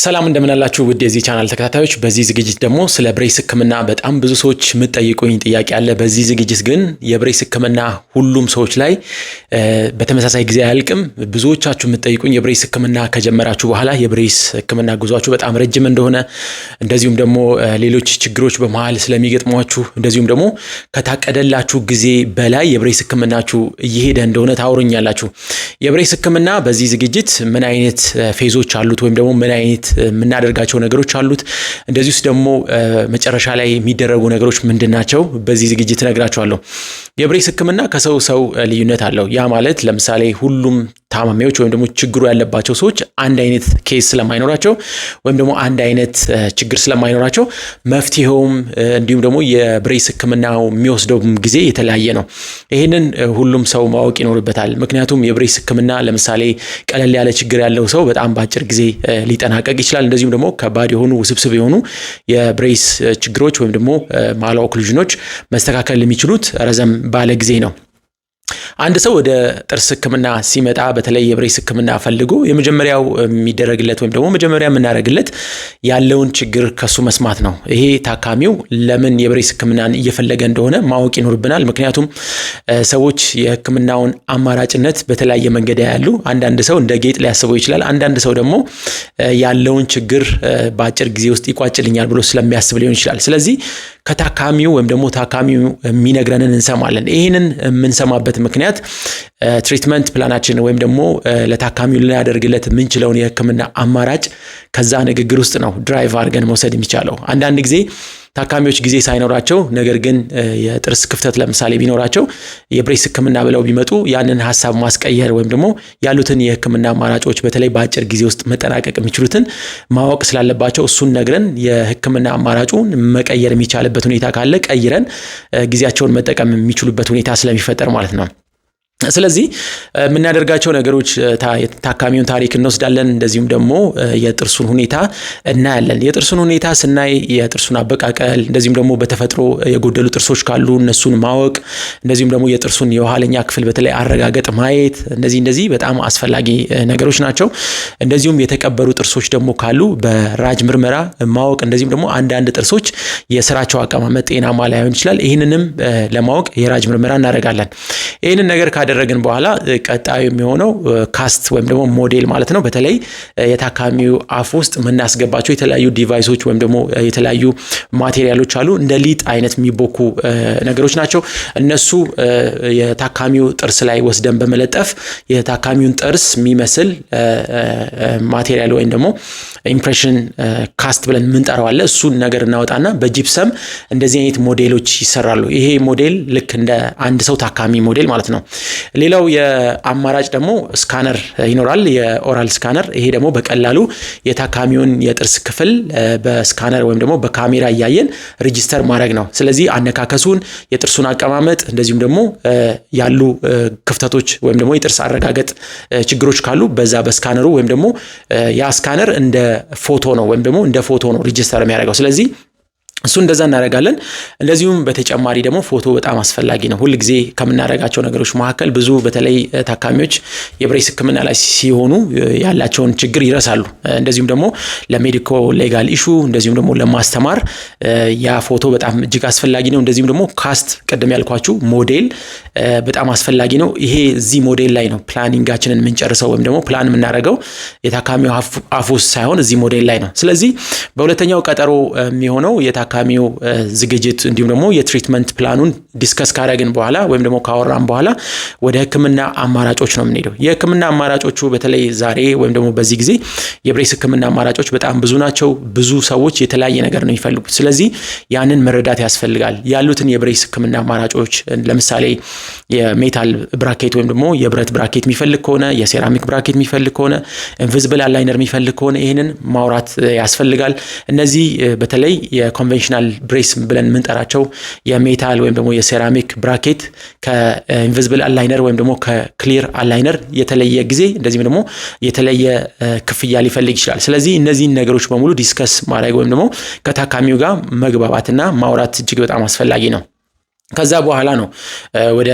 ሰላም እንደምናላችሁ ውድ የዚህ ቻናል ተከታታዮች፣ በዚህ ዝግጅት ደግሞ ስለ ብሬስ ሕክምና በጣም ብዙ ሰዎች የምጠይቁኝ ጥያቄ አለ። በዚህ ዝግጅት ግን የብሬስ ሕክምና ሁሉም ሰዎች ላይ በተመሳሳይ ጊዜ አያልቅም። ብዙዎቻችሁ የምጠይቁኝ የብሬስ ሕክምና ከጀመራችሁ በኋላ የብሬስ ሕክምና ጉዟችሁ በጣም ረጅም እንደሆነ፣ እንደዚሁም ደግሞ ሌሎች ችግሮች በመሀል ስለሚገጥሟችሁ፣ እንደዚሁም ደግሞ ከታቀደላችሁ ጊዜ በላይ የብሬስ ሕክምናችሁ እየሄደ እንደሆነ ታወሩኛላችሁ። የብሬስ ሕክምና በዚህ ዝግጅት ምን አይነት ፌዞች አሉት ወይም ደግሞ ምን አይነት አይነት የምናደርጋቸው ነገሮች አሉት። እንደዚህ ውስጥ ደግሞ መጨረሻ ላይ የሚደረጉ ነገሮች ምንድን ናቸው? በዚህ ዝግጅት እነግራቸዋለሁ። የብሬስ ህክምና ከሰው ሰው ልዩነት አለው። ያ ማለት ለምሳሌ ሁሉም ታማሚዎች ወይም ደግሞ ችግሩ ያለባቸው ሰዎች አንድ አይነት ኬስ ስለማይኖራቸው ወይም ደግሞ አንድ አይነት ችግር ስለማይኖራቸው መፍትሄውም እንዲሁም ደግሞ የብሬስ ህክምና የሚወስደውም ጊዜ የተለያየ ነው። ይህንን ሁሉም ሰው ማወቅ ይኖርበታል። ምክንያቱም የብሬስ ህክምና ለምሳሌ ቀለል ያለ ችግር ያለው ሰው በጣም በአጭር ጊዜ ሊጠናቀቅ ይችላል። እንደዚሁም ደግሞ ከባድ የሆኑ ውስብስብ የሆኑ የብሬስ ችግሮች ወይም ደግሞ ማላ ኦክሉዥኖች መስተካከል የሚችሉት ረዘም ባለ ጊዜ ነው። አንድ ሰው ወደ ጥርስ ህክምና ሲመጣ በተለይ የብሬስ ህክምና ፈልጎ የመጀመሪያው የሚደረግለት ወይም ደግሞ መጀመሪያ የምናደርግለት ያለውን ችግር ከሱ መስማት ነው። ይሄ ታካሚው ለምን የብሬስ ህክምናን እየፈለገ እንደሆነ ማወቅ ይኖርብናል። ምክንያቱም ሰዎች የህክምናውን አማራጭነት በተለያየ መንገድ ያሉ። አንዳንድ ሰው እንደ ጌጥ ሊያስበው ይችላል። አንዳንድ ሰው ደግሞ ያለውን ችግር በአጭር ጊዜ ውስጥ ይቋጭልኛል ብሎ ስለሚያስብ ሊሆን ይችላል። ስለዚህ ከታካሚው ወይም ደግሞ ታካሚው የሚነግረንን እንሰማለን። ይህንን የምንሰማበት ምክንያት ምክንያት ትሪትመንት ፕላናችን ወይም ደግሞ ለታካሚው ልናደርግለት የምንችለውን የህክምና አማራጭ ከዛ ንግግር ውስጥ ነው ድራይቭ አድርገን መውሰድ የሚቻለው። አንዳንድ ጊዜ ታካሚዎች ጊዜ ሳይኖራቸው ነገር ግን የጥርስ ክፍተት ለምሳሌ ቢኖራቸው የብሬስ ህክምና ብለው ቢመጡ ያንን ሀሳብ ማስቀየር ወይም ደግሞ ያሉትን የህክምና አማራጮች በተለይ በአጭር ጊዜ ውስጥ መጠናቀቅ የሚችሉትን ማወቅ ስላለባቸው እሱን ነግረን የህክምና አማራጩን መቀየር የሚቻልበት ሁኔታ ካለ ቀይረን ጊዜያቸውን መጠቀም የሚችሉበት ሁኔታ ስለሚፈጠር ማለት ነው። ስለዚህ የምናደርጋቸው ነገሮች ታካሚውን ታሪክ እንወስዳለን። እንደዚሁም ደግሞ የጥርሱን ሁኔታ እናያለን። የጥርሱን ሁኔታ ስናይ የጥርሱን አበቃቀል፣ እንደዚሁም ደግሞ በተፈጥሮ የጎደሉ ጥርሶች ካሉ እነሱን ማወቅ፣ እንደዚሁም ደግሞ የጥርሱን የኋለኛ ክፍል በተለይ አረጋገጥ ማየት፣ እነዚህ እንደዚህ በጣም አስፈላጊ ነገሮች ናቸው። እንደዚሁም የተቀበሩ ጥርሶች ደግሞ ካሉ በራጅ ምርመራ ማወቅ፣ እንደዚሁም ደግሞ አንዳንድ ጥርሶች የስራቸው አቀማመጥ ጤናማ ላይሆን ይችላል። ይህንንም ለማወቅ የራጅ ምርመራ እናደርጋለን። ይህንን ነገር ካደ ካደረግን በኋላ ቀጣዩ የሚሆነው ካስት ወይም ደግሞ ሞዴል ማለት ነው። በተለይ የታካሚው አፍ ውስጥ የምናስገባቸው የተለያዩ ዲቫይሶች ወይም ደግሞ የተለያዩ ማቴሪያሎች አሉ። እንደ ሊጥ አይነት የሚቦኩ ነገሮች ናቸው። እነሱ የታካሚው ጥርስ ላይ ወስደን በመለጠፍ የታካሚውን ጥርስ የሚመስል ማቴሪያል ወይም ደግሞ ኢምፕሬሽን ካስት ብለን የምንጠራው አለ። እሱን ነገር እናወጣና በጂፕሰም እንደዚህ አይነት ሞዴሎች ይሰራሉ። ይሄ ሞዴል ልክ እንደ አንድ ሰው ታካሚ ሞዴል ማለት ነው። ሌላው የአማራጭ ደግሞ ስካነር ይኖራል፣ የኦራል ስካነር። ይሄ ደግሞ በቀላሉ የታካሚውን የጥርስ ክፍል በስካነር ወይም ደግሞ በካሜራ እያየን ሪጅስተር ማድረግ ነው። ስለዚህ አነካከሱን፣ የጥርሱን አቀማመጥ እንደዚሁም ደግሞ ያሉ ክፍተቶች ወይም ደግሞ የጥርስ አረጋገጥ ችግሮች ካሉ በዛ በስካነሩ ወይም ደግሞ ያ ስካነር እንደ ፎቶ ነው ወይም ደግሞ እንደ ፎቶ ነው ሪጅስተር የሚያደርገው ስለዚህ እሱ እንደዛ እናደርጋለን። እንደዚሁም በተጨማሪ ደግሞ ፎቶ በጣም አስፈላጊ ነው። ሁል ጊዜ ከምናደርጋቸው ነገሮች መካከል ብዙ በተለይ ታካሚዎች የብሬስ ሕክምና ላይ ሲሆኑ ያላቸውን ችግር ይረሳሉ። እንደዚሁም ደግሞ ለሜዲኮ ሌጋል ኢሹ፣ እንደዚሁም ደግሞ ለማስተማር ያ ፎቶ በጣም እጅግ አስፈላጊ ነው። እንደዚሁም ደግሞ ካስት፣ ቅድም ያልኳችሁ ሞዴል በጣም አስፈላጊ ነው። ይሄ እዚህ ሞዴል ላይ ነው ፕላኒንጋችንን የምንጨርሰው ወይም ደግሞ ፕላን የምናደርገው የታካሚው አፉ ሳይሆን እዚህ ሞዴል ላይ ነው። ስለዚህ በሁለተኛው ቀጠሮ የሚሆነው የታ ታካሚው ዝግጅት እንዲሁም ደግሞ የትሪትመንት ፕላኑን ዲስከስ ካረግን በኋላ ወይም ደግሞ ካወራን በኋላ ወደ ህክምና አማራጮች ነው የምንሄደው። የህክምና አማራጮቹ በተለይ ዛሬ ወይም ደግሞ በዚህ ጊዜ የብሬስ ህክምና አማራጮች በጣም ብዙ ናቸው። ብዙ ሰዎች የተለያየ ነገር ነው የሚፈልጉት። ስለዚህ ያንን መረዳት ያስፈልጋል። ያሉትን የብሬስ ህክምና አማራጮች ለምሳሌ የሜታል ብራኬት ወይም ደግሞ የብረት ብራኬት የሚፈልግ ከሆነ፣ የሴራሚክ ብራኬት የሚፈልግ ከሆነ፣ ኢንቪዝብል አላይነር የሚፈልግ ከሆነ ይህንን ማውራት ያስፈልጋል። እነዚህ በተለይ የኮንቬንሽናል ብሬስ ብለን የምንጠራቸው የሜታል ወይም ደግሞ የሴራሚክ ብራኬት ከኢንቪዝብል አላይነር ወይም ደግሞ ከክሊር አላይነር የተለየ ጊዜ እንደዚህም ደግሞ የተለየ ክፍያ ሊፈልግ ይችላል። ስለዚህ እነዚህን ነገሮች በሙሉ ዲስከስ ማድረግ ወይም ደግሞ ከታካሚው ጋር መግባባትና ማውራት እጅግ በጣም አስፈላጊ ነው። ከዛ በኋላ ነው ወደ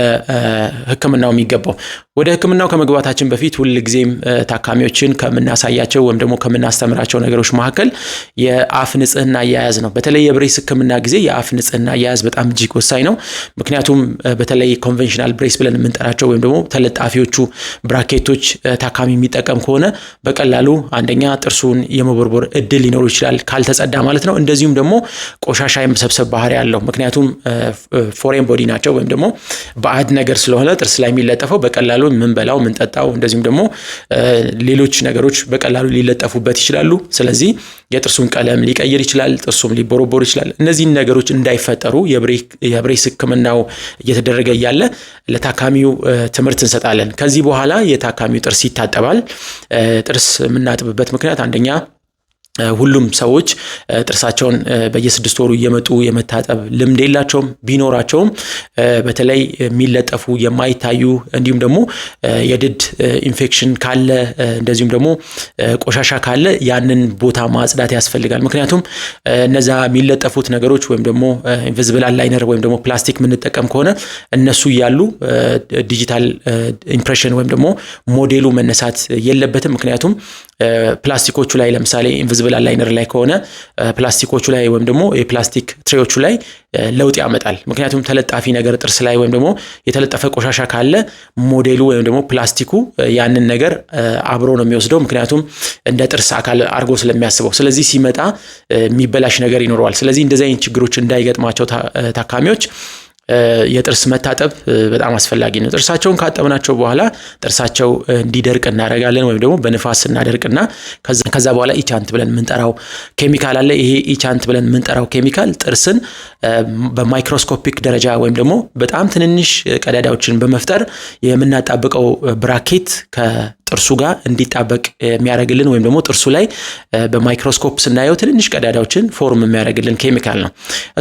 ሕክምናው የሚገባው። ወደ ህክምናው ከመግባታችን በፊት ሁልጊዜም ታካሚዎችን ከምናሳያቸው ወይም ደግሞ ከምናስተምራቸው ነገሮች መካከል የአፍ ንጽህና አያያዝ ነው። በተለይ የብሬስ ህክምና ጊዜ የአፍ ንጽህና አያያዝ በጣም እጅግ ወሳኝ ነው። ምክንያቱም በተለይ ኮንቨንሽናል ብሬስ ብለን የምንጠራቸው ወይም ደግሞ ተለጣፊዎቹ ብራኬቶች ታካሚ የሚጠቀም ከሆነ በቀላሉ አንደኛ ጥርሱን የመቦርቦር እድል ሊኖሩ ይችላል ካልተጸዳ ማለት ነው። እንደዚሁም ደግሞ ቆሻሻ የመሰብሰብ ባህሪ ያለው ምክንያቱም ፎሬን ቦዲ ናቸው ወይም ደግሞ ባዕድ ነገር ስለሆነ ጥርስ ላይ የሚለጠፈው በቀላሉ ምንበላው ምንጠጣው፣ እንደዚሁም ደግሞ ሌሎች ነገሮች በቀላሉ ሊለጠፉበት ይችላሉ። ስለዚህ የጥርሱን ቀለም ሊቀይር ይችላል፣ ጥርሱም ሊቦረቦር ይችላል። እነዚህን ነገሮች እንዳይፈጠሩ የብሬስ ሕክምናው እየተደረገ እያለ ለታካሚው ትምህርት እንሰጣለን። ከዚህ በኋላ የታካሚው ጥርስ ይታጠባል። ጥርስ የምናጥብበት ምክንያት አንደኛ ሁሉም ሰዎች ጥርሳቸውን በየስድስት ወሩ እየመጡ የመታጠብ ልምድ የላቸውም። ቢኖራቸውም በተለይ የሚለጠፉ የማይታዩ እንዲሁም ደግሞ የድድ ኢንፌክሽን ካለ እንደዚሁም ደግሞ ቆሻሻ ካለ ያንን ቦታ ማጽዳት ያስፈልጋል። ምክንያቱም እነዛ የሚለጠፉት ነገሮች ወይም ደግሞ ኢንቪዝብል አላይነር ወይም ደግሞ ፕላስቲክ የምንጠቀም ከሆነ እነሱ እያሉ ዲጂታል ኢምፕሬሽን ወይም ደግሞ ሞዴሉ መነሳት የለበትም። ምክንያቱም ፕላስቲኮቹ ላይ ለምሳሌ ኢንቪዝብል አላይነር ላይ ከሆነ ፕላስቲኮቹ ላይ ወይም ደግሞ የፕላስቲክ ትሬዎቹ ላይ ለውጥ ያመጣል። ምክንያቱም ተለጣፊ ነገር ጥርስ ላይ ወይም ደግሞ የተለጠፈ ቆሻሻ ካለ ሞዴሉ ወይም ደግሞ ፕላስቲኩ ያንን ነገር አብሮ ነው የሚወስደው፣ ምክንያቱም እንደ ጥርስ አካል አድርጎ ስለሚያስበው። ስለዚህ ሲመጣ የሚበላሽ ነገር ይኖረዋል። ስለዚህ እንደዚህ አይነት ችግሮች እንዳይገጥማቸው ታካሚዎች የጥርስ መታጠብ በጣም አስፈላጊ ነው። ጥርሳቸውን ካጠብናቸው በኋላ ጥርሳቸው እንዲደርቅ እናደርጋለን ወይም ደግሞ በንፋስ እናደርቅና ከዛ በኋላ ኢቻንት ብለን የምንጠራው ኬሚካል አለ። ይሄ ኢቻንት ብለን የምንጠራው ኬሚካል ጥርስን በማይክሮስኮፒክ ደረጃ ወይም ደግሞ በጣም ትንንሽ ቀዳዳዎችን በመፍጠር የምናጣብቀው ብራኬት ጥርሱ ጋር እንዲጣበቅ የሚያደርግልን ወይም ደግሞ ጥርሱ ላይ በማይክሮስኮፕ ስናየው ትንንሽ ቀዳዳዎችን ፎርም የሚያደርግልን ኬሚካል ነው።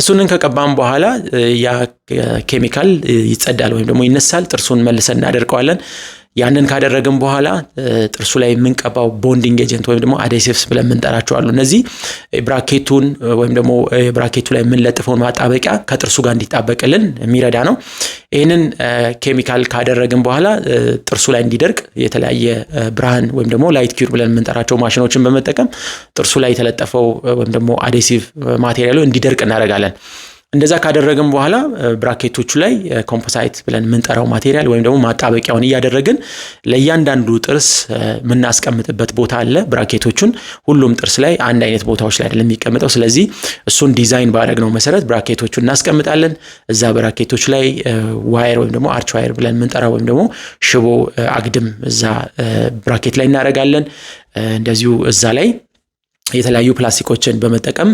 እሱንን ከቀባም በኋላ ያ ኬሚካል ይጸዳል ወይም ደግሞ ይነሳል። ጥርሱን መልሰን እናደርቀዋለን። ያንን ካደረግን በኋላ ጥርሱ ላይ የምንቀባው ቦንዲንግ ኤጀንት ወይም ደግሞ አዴሲቭስ ብለን የምንጠራቸው አሉ። እነዚህ ብራኬቱን ወይም ደግሞ ብራኬቱ ላይ የምንለጥፈውን ማጣበቂያ ከጥርሱ ጋር እንዲጣበቅልን የሚረዳ ነው። ይህንን ኬሚካል ካደረግን በኋላ ጥርሱ ላይ እንዲደርቅ የተለያየ ብርሃን ወይም ደግሞ ላይት ኪር ብለን የምንጠራቸው ማሽኖችን በመጠቀም ጥርሱ ላይ የተለጠፈው ወይም ደግሞ አዴሲቭ ማቴሪያሉ እንዲደርቅ እናደርጋለን። እንደዛ ካደረግን በኋላ ብራኬቶቹ ላይ ኮምፖሳይት ብለን የምንጠራው ማቴሪያል ወይም ደግሞ ማጣበቂያውን እያደረግን ለእያንዳንዱ ጥርስ የምናስቀምጥበት ቦታ አለ። ብራኬቶቹን ሁሉም ጥርስ ላይ አንድ አይነት ቦታዎች ላይ አይደለም የሚቀምጠው። ስለዚህ እሱን ዲዛይን ባደረግነው መሰረት ብራኬቶቹን እናስቀምጣለን። እዛ ብራኬቶች ላይ ዋየር ወይም ደግሞ አርች ዋየር ብለን የምንጠራው ወይም ደግሞ ሽቦ አግድም እዛ ብራኬት ላይ እናደርጋለን። እንደዚሁ እዛ ላይ የተለያዩ ፕላስቲኮችን በመጠቀም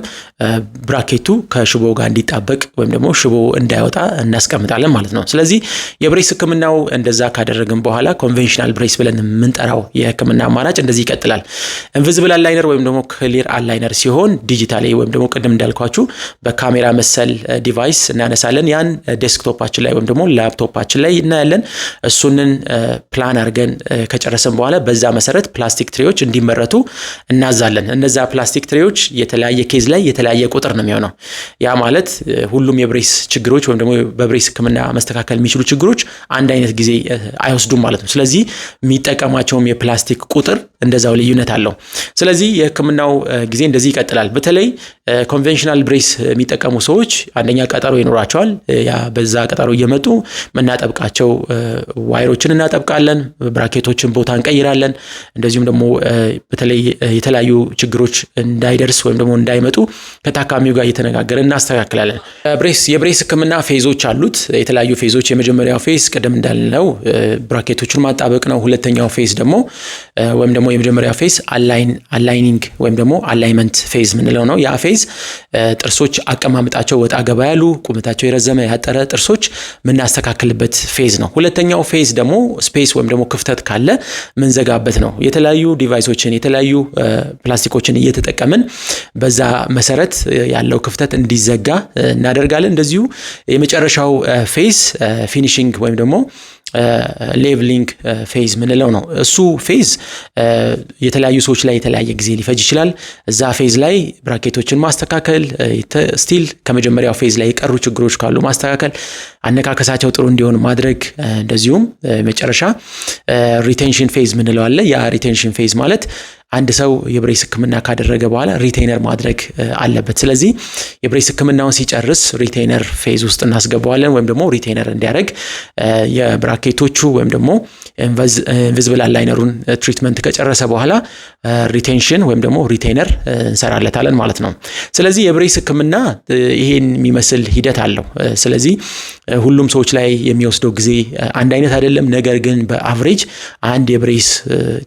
ብራኬቱ ከሽቦ ጋር እንዲጣበቅ ወይም ደግሞ ሽቦ እንዳይወጣ እናስቀምጣለን ማለት ነው። ስለዚህ የብሬስ ሕክምናው እንደዛ ካደረግን በኋላ ኮንቬንሽናል ብሬስ ብለን የምንጠራው የሕክምና አማራጭ እንደዚህ ይቀጥላል። ኢንቪዝብል አላይነር ወይም ደግሞ ክሊር አላይነር ሲሆን ዲጂታል ወይም ደግሞ ቅድም እንዳልኳችሁ በካሜራ መሰል ዲቫይስ እናነሳለን። ያን ዴስክቶፓችን ላይ ወይም ደግሞ ላፕቶፓችን ላይ እናያለን። እሱንን ፕላን አድርገን ከጨረሰን በኋላ በዛ መሰረት ፕላስቲክ ትሪዎች እንዲመረቱ እናዛለን እነዛ ፕላስቲክ ትሬዎች የተለያየ ኬዝ ላይ የተለያየ ቁጥር ነው የሚሆነው። ያ ማለት ሁሉም የብሬስ ችግሮች ወይም ደግሞ በብሬስ ሕክምና መስተካከል የሚችሉ ችግሮች አንድ አይነት ጊዜ አይወስዱም ማለት ነው። ስለዚህ የሚጠቀማቸውም የፕላስቲክ ቁጥር እንደዛው ልዩነት አለው። ስለዚህ የሕክምናው ጊዜ እንደዚህ ይቀጥላል። በተለይ ኮንቬንሽናል ብሬስ የሚጠቀሙ ሰዎች አንደኛ ቀጠሮ ይኖራቸዋል። ያ በዛ ቀጠሮ እየመጡ የምናጠብቃቸው ዋይሮችን እናጠብቃለን፣ ብራኬቶችን ቦታ እንቀይራለን። እንደዚሁም ደግሞ በተለይ የተለያዩ ችግሮች ሰዎች እንዳይደርስ ወይም ደግሞ እንዳይመጡ ከታካሚው ጋር እየተነጋገረ እናስተካክላለን። የብሬስ ህክምና ፌዞች አሉት፣ የተለያዩ ፌዞች። የመጀመሪያው ፌዝ ቅድም እንዳልነው ብራኬቶቹን ማጣበቅ ነው። ሁለተኛው ፌዝ ደግሞ ወይም ደግሞ የመጀመሪያው ፌዝ አላይኒንግ ወይም ደግሞ አላይመንት ፌዝ ምንለው ነው። ያ ፌዝ ጥርሶች አቀማመጣቸው ወጣ ገባ ያሉ ቁመታቸው የረዘመ ያጠረ ጥርሶች የምናስተካክልበት ፌዝ ነው። ሁለተኛው ፌዝ ደግሞ ስፔስ ወይም ደግሞ ክፍተት ካለ ምንዘጋበት ነው። የተለያዩ ዲቫይሶችን የተለያዩ ፕላስቲኮችን እየተጠቀምን በዛ መሰረት ያለው ክፍተት እንዲዘጋ እናደርጋለን። እንደዚሁ የመጨረሻው ፌዝ ፊኒሽንግ ወይም ደግሞ ሌቭሊንግ ፌዝ ምንለው ነው። እሱ ፌዝ የተለያዩ ሰዎች ላይ የተለያየ ጊዜ ሊፈጅ ይችላል። እዛ ፌዝ ላይ ብራኬቶችን ማስተካከል፣ ስቲል ከመጀመሪያው ፌዝ ላይ የቀሩ ችግሮች ካሉ ማስተካከል፣ አነካከሳቸው ጥሩ እንዲሆን ማድረግ፣ እንደዚሁም መጨረሻ ሪቴንሽን ፌዝ ምንለው አለ። ያ ሪቴንሽን ፌዝ ማለት አንድ ሰው የብሬስ ህክምና ካደረገ በኋላ ሪቴይነር ማድረግ አለበት። ስለዚህ የብሬስ ህክምናውን ሲጨርስ ሪቴይነር ፌዝ ውስጥ እናስገባዋለን ወይም ደግሞ ሪቴይነር እንዲያደርግ የብራኬቶቹ ወይም ደግሞ ኢንቪዝብል አላይነሩን ትሪትመንት ከጨረሰ በኋላ ሪቴንሽን ወይም ደግሞ ሪቴይነር እንሰራለታለን ማለት ነው። ስለዚህ የብሬስ ህክምና ይሄን የሚመስል ሂደት አለው። ስለዚህ ሁሉም ሰዎች ላይ የሚወስደው ጊዜ አንድ አይነት አይደለም። ነገር ግን በአቨሬጅ አንድ የብሬስ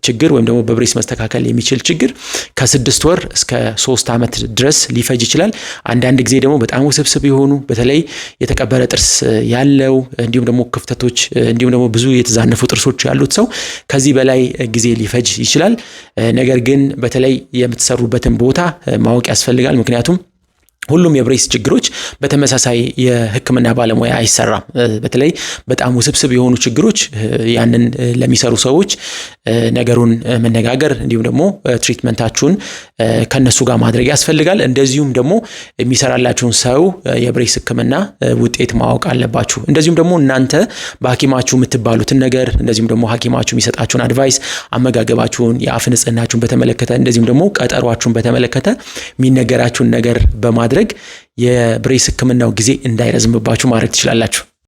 ችግር ወይም ደግሞ በብሬስ መስተካከል የሚችል ችግር ከስድስት ወር እስከ ሶስት ዓመት ድረስ ሊፈጅ ይችላል። አንዳንድ ጊዜ ደግሞ በጣም ውስብስብ የሆኑ በተለይ የተቀበረ ጥርስ ያለው እንዲሁም ደግሞ ክፍተቶች እንዲሁም ደግሞ ብዙ የተዛነፉ ጥርሶች ያሉት ሰው ከዚህ በላይ ጊዜ ሊፈጅ ይችላል። ነገር ግን በተለይ የምትሰሩበትን ቦታ ማወቅ ያስፈልጋል ምክንያቱም ሁሉም የብሬስ ችግሮች በተመሳሳይ የሕክምና ባለሙያ አይሰራም። በተለይ በጣም ውስብስብ የሆኑ ችግሮች ያንን ለሚሰሩ ሰዎች ነገሩን መነጋገር እንዲሁም ደግሞ ትሪትመንታችሁን ከነሱ ጋር ማድረግ ያስፈልጋል። እንደዚሁም ደግሞ የሚሰራላችሁን ሰው የብሬስ ሕክምና ውጤት ማወቅ አለባችሁ። እንደዚሁም ደግሞ እናንተ በሐኪማችሁ የምትባሉትን ነገር እንደዚሁም ደግሞ ሐኪማችሁ የሚሰጣችሁን አድቫይስ፣ አመጋገባችሁን፣ የአፍ ንጽህናችሁን በተመለከተ እንደዚሁም ደግሞ ቀጠሯችሁን በተመለከተ የሚነገራችሁን ነገር በማድረግ በማድረግ የብሬስ ህክምናው ጊዜ እንዳይረዝምባችሁ ማድረግ ትችላላችሁ።